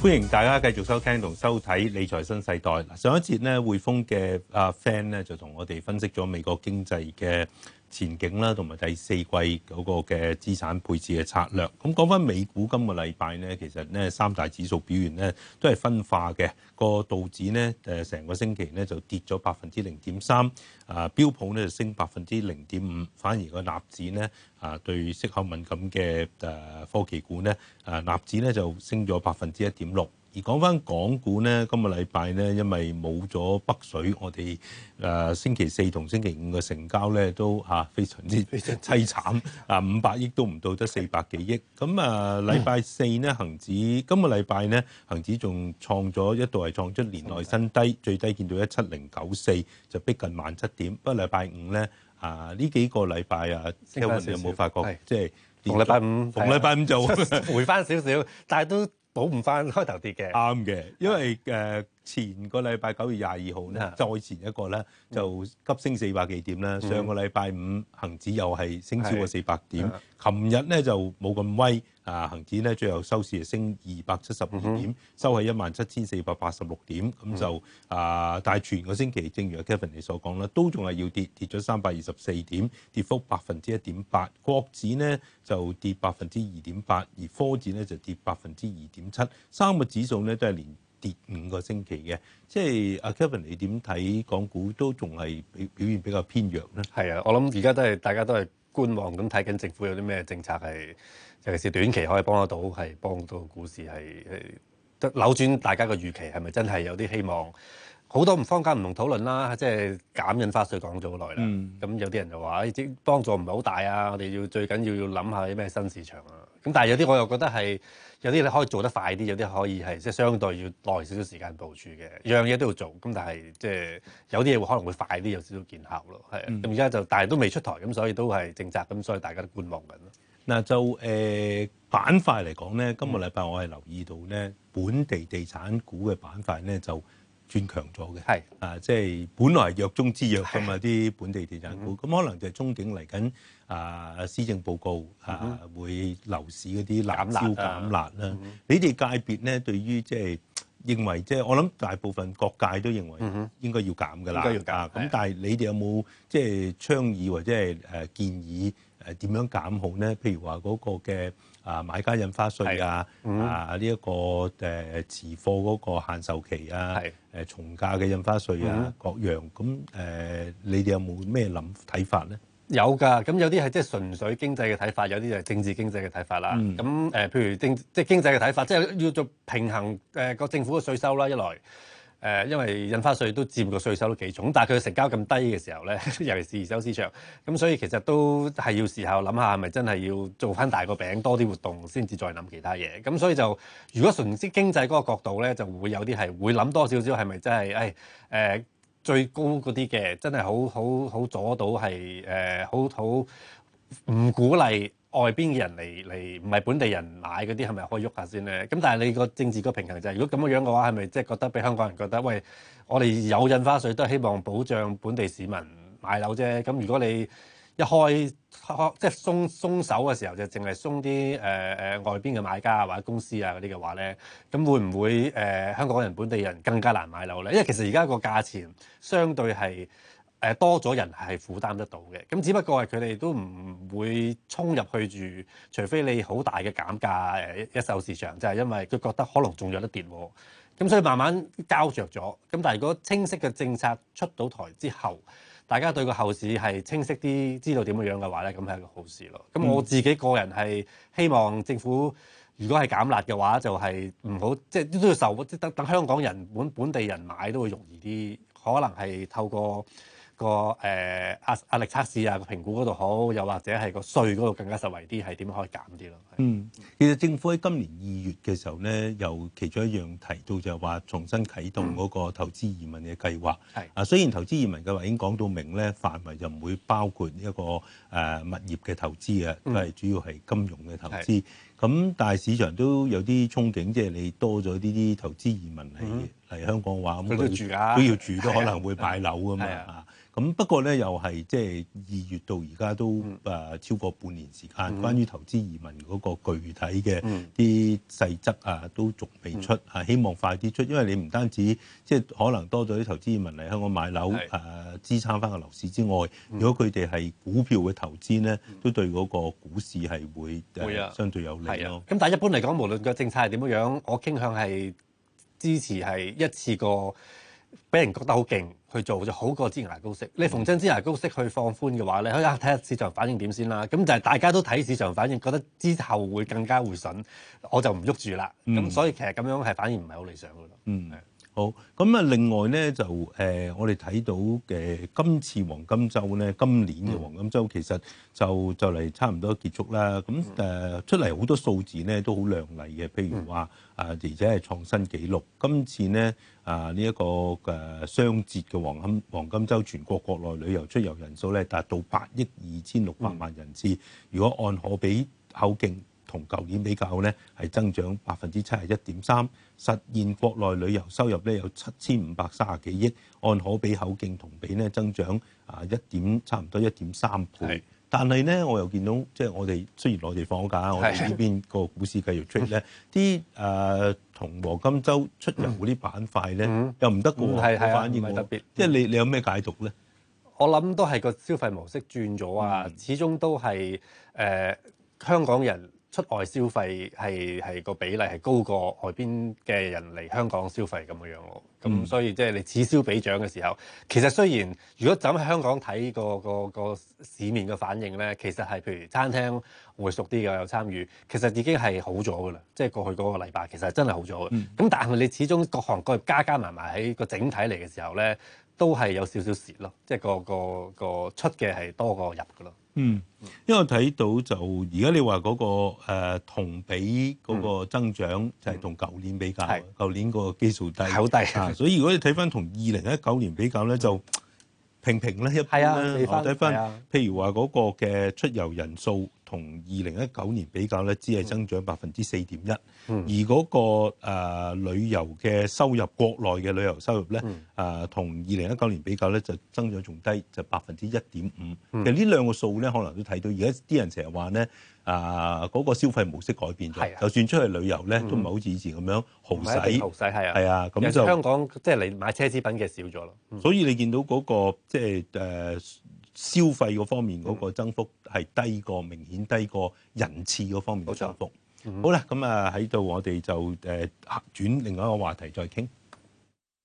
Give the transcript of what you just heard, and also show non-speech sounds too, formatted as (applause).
歡迎大家繼續收聽同收睇《理財新世代》。上一節咧，匯豐嘅阿 Fan 咧就同我哋分析咗美國經濟嘅前景啦，同埋第四季嗰個嘅資產配置嘅策略。咁講翻美股今個禮拜咧，其實咧三大指數表現咧都係分化嘅。個道指咧誒，成個星期咧就跌咗百分之零點三，啊標普咧就升百分之零點五，反而個納指咧啊對息口敏感嘅誒科技股咧，啊納指咧就升咗百分之一點六。而講翻港股咧，今個禮拜咧，因為冇咗北水，我哋誒星期四同星期五嘅成交咧都嚇非常之淒慘啊，五百億都唔到，得四百幾億。咁啊，禮拜四咧，恒指今個禮拜咧，恒指仲創咗一度係創出年內新低，最低見到一七零九四，就逼近萬七點。不過禮拜五咧啊，呢幾個禮拜啊，你有冇發覺即係逢禮拜五逢禮拜五就回翻少少，但係都。好唔翻開頭啲嘅，啱嘅，因為誒。前個禮拜九月廿二號呢，嗯、再前一個呢，就急升四百幾點啦。嗯、上個禮拜五恒指又係升超過四百點。琴、嗯、日呢，就冇咁威啊，恆指呢，最後收市係升二百七十二點，嗯、收喺一萬七千四百八十六點。咁就啊，但全個星期，正如阿 Kevin 你所講啦，都仲係要跌，跌咗三百二十四點，跌幅百分之一點八。國指呢，就跌百分之二點八，而科指呢，就跌百分之二點七。三個指數呢，都係連跌五個星期嘅，即係阿 Kevin，你點睇港股都仲係表表現比較偏弱咧？係啊，我諗而家都係大家都係觀望咁睇緊政府有啲咩政策係，尤其是短期可以幫得到，係幫到股市係係扭轉大家個預期，係咪真係有啲希望？好多唔坊間唔同討論啦，即係減印花稅講咗好耐啦。咁、嗯、有啲人就話，誒、哎，啲幫助唔係好大啊！我哋要最緊要要諗下啲咩新市場啊。咁但係有啲我又覺得係有啲你可以做得快啲，有啲可以係即係相對要耐少少時間部署嘅。樣嘢都要做，咁但係即係有啲嘢會可能會快啲有少少見效咯。係咁而家就但係都未出台，咁所以都係政策，咁所以大家都觀望緊咯。嗱、嗯，就誒板、呃、塊嚟講咧，今日禮拜我係留意到咧，本地地，地產股嘅板塊咧就。轉強咗嘅，係是啊，即係本來弱中之弱㗎嘛，啲本地地產股，咁 (laughs) 可能就係中景嚟緊啊，施政報告 (laughs) 啊，會樓市嗰啲辣招減辣啦，你哋界別咧，對於即係。認為即係我諗大部分各界都認為應該要減嘅啦，該要啊咁。的但係你哋有冇即係倡議或者係誒建議誒點樣減好呢？譬如話嗰個嘅啊買家印花稅啊，的啊呢一、這個誒、呃、持貨嗰個限售期啊，誒從價嘅印花稅啊，的各樣咁誒、呃，你哋有冇咩諗睇法呢？有噶，咁有啲係即係純粹經濟嘅睇法，有啲就係政治經濟嘅睇法啦。咁誒、嗯呃，譬如政即係經濟嘅睇法，即係要做平衡誒個、呃、政府嘅稅收啦一來，誒、呃、因為印花稅都佔個稅收都幾重，但係佢成交咁低嘅時候咧，尤其是二手市場，咁所以其實都係要時候諗下係咪真係要做翻大個餅，多啲活動先至再諗其他嘢。咁所以就如果純粹經濟嗰個角度咧，就會有啲係會諗多少少係咪真係誒誒。最高嗰啲嘅，真係好好好阻到係誒，好好唔鼓勵外邊嘅人嚟嚟，唔係本地人買嗰啲，係咪可以喐下先咧？咁但係你個政治個平衡就係，如果咁樣嘅話，係咪即係覺得俾香港人覺得，喂，我哋有印花稅都希望保障本地市民買樓啫？咁如果你一開開即係鬆鬆手嘅時候，就淨係鬆啲誒誒外邊嘅買家或者公司啊嗰啲嘅話咧，咁會唔會誒、呃、香港人本地人更加難買樓咧？因為其實而家個價錢相對係誒、呃、多咗人係負擔得到嘅，咁只不過係佢哋都唔會衝入去住，除非你好大嘅減價誒一手市場，即係因為佢覺得可能仲有得跌喎，咁所以慢慢膠着咗。咁但係如果清晰嘅政策出到台之後，大家對個後市係清晰啲，知道點樣樣嘅話咧，咁係一個好事咯。咁我自己個人係希望政府如果係減辣嘅話，就係唔好即係都要受，即等等香港人、本本地人買都會容易啲，可能係透過。個誒壓壓力測試啊，個評估嗰度好，又或者係個稅嗰度更加實惠啲，係點可以減啲咯？嗯，其實政府喺今年二月嘅時候咧，又其中一樣提到就係話重新啟動嗰個投資移民嘅計劃。啊、嗯，雖然投資移民嘅話已經講到明咧，範圍就唔會包括一個誒物業嘅投資啊，都係主要係金融嘅投資。咁、嗯、但係市場都有啲憧憬，即、就、係、是、你多咗呢啲投資移民嚟嚟、嗯、香港話，佢都住㗎、啊，都要住都可能會買樓㗎嘛。咁不過咧，又係即係二月到而家都誒、嗯啊、超過半年時間，嗯、關於投資移民嗰個具體嘅啲、嗯、細則啊，都仲未出，嗯、希望快啲出。因為你唔單止即係可能多咗啲投資移民嚟香港買樓誒是、啊、支撐翻個樓市之外，嗯、如果佢哋係股票嘅投資咧，都對嗰個股市係會誒、啊、相對有利咯。咁但係一般嚟講，無論個政策係點樣，我傾向係支持係一次過俾人覺得好勁。去做就好過擠牙膏式，你逢親擠牙膏式去放寬嘅話咧，睇下睇下市場反應點先啦。咁就係大家都睇市場反應，覺得之後會更加回穩，我就唔喐住啦。咁、嗯、所以其實咁樣係反而唔係好理想嘅嗯。好，咁啊，另外咧就誒、呃，我哋睇到嘅今次黃金週咧，今年嘅黃金週其實就就嚟差唔多結束啦。咁誒、呃、出嚟好多數字咧都好亮麗嘅，譬如話啊、呃，而且係創新紀錄。今次咧啊，呢、呃、一、這個誒雙節嘅黃金黃金週，全國國內旅遊出遊人數咧達到八億二千六百萬人次。如果按可比口徑，同舊年比較咧，係增長百分之七十一點三，實現國內旅遊收入咧有七千五百三十幾億，按可比口徑同比咧增長啊一點差唔多一點三倍。是但係咧，我又見到即係我哋雖然內地放緊假，是我哋呢邊個股市繼續是、呃、和和出嚟咧，啲誒同黃金周出遊嗰啲板塊咧 (coughs) 又唔得過是反應喎，即係你你有咩解讀咧？我諗都係個消費模式轉咗啊，嗯、始終都係誒、呃、香港人。出外消費係係個比例係高過外邊嘅人嚟香港消費咁嘅樣喎，咁、嗯、所以即係你此消彼長嘅時候，其實雖然如果走喺香港睇、個、個、個市面嘅反應咧，其實係譬如餐廳會熟啲嘅有參與，其實已經係好咗嘅啦，即、就、係、是、過去嗰個禮拜其實係真係好咗嘅。咁、嗯、但係你始終各行各業加加埋埋喺個整體嚟嘅時候咧。都係有少少蝕咯，即係個個個出嘅係多過入㗎咯。嗯，因為睇到就而家你話嗰、嗰個、呃、同比嗰個增長就係同舊年比較，舊、嗯、年個基數低，好低啊！所以如果你睇翻同二零一九年比較咧，的就平平咧，一般咧。睇翻的譬如話嗰個嘅出遊人數。同二零一九年比較咧，只係增長百分之四點一，嗯、而嗰、那個、呃、旅遊嘅收入，國內嘅旅遊收入咧，誒、嗯呃、同二零一九年比較咧，就增長仲低，就百分之一點五。嗯、其實呢兩個數咧，可能都睇到而家啲人成日話咧，誒、呃、嗰、那個消費模式改變咗，啊、就算出去旅遊咧，都唔係好似以前咁樣豪使，豪使係啊，係、嗯、啊，咁就香港即係你買奢侈品嘅少咗咯。嗯、所以你見到嗰、那個即係誒。呃嗯消費嗰方面，嗰個增幅係低過，明顯低過人次嗰方面嘅增幅。沒錯，好啦，咁啊，喺度我哋就誒、呃、轉另外一個話題再傾。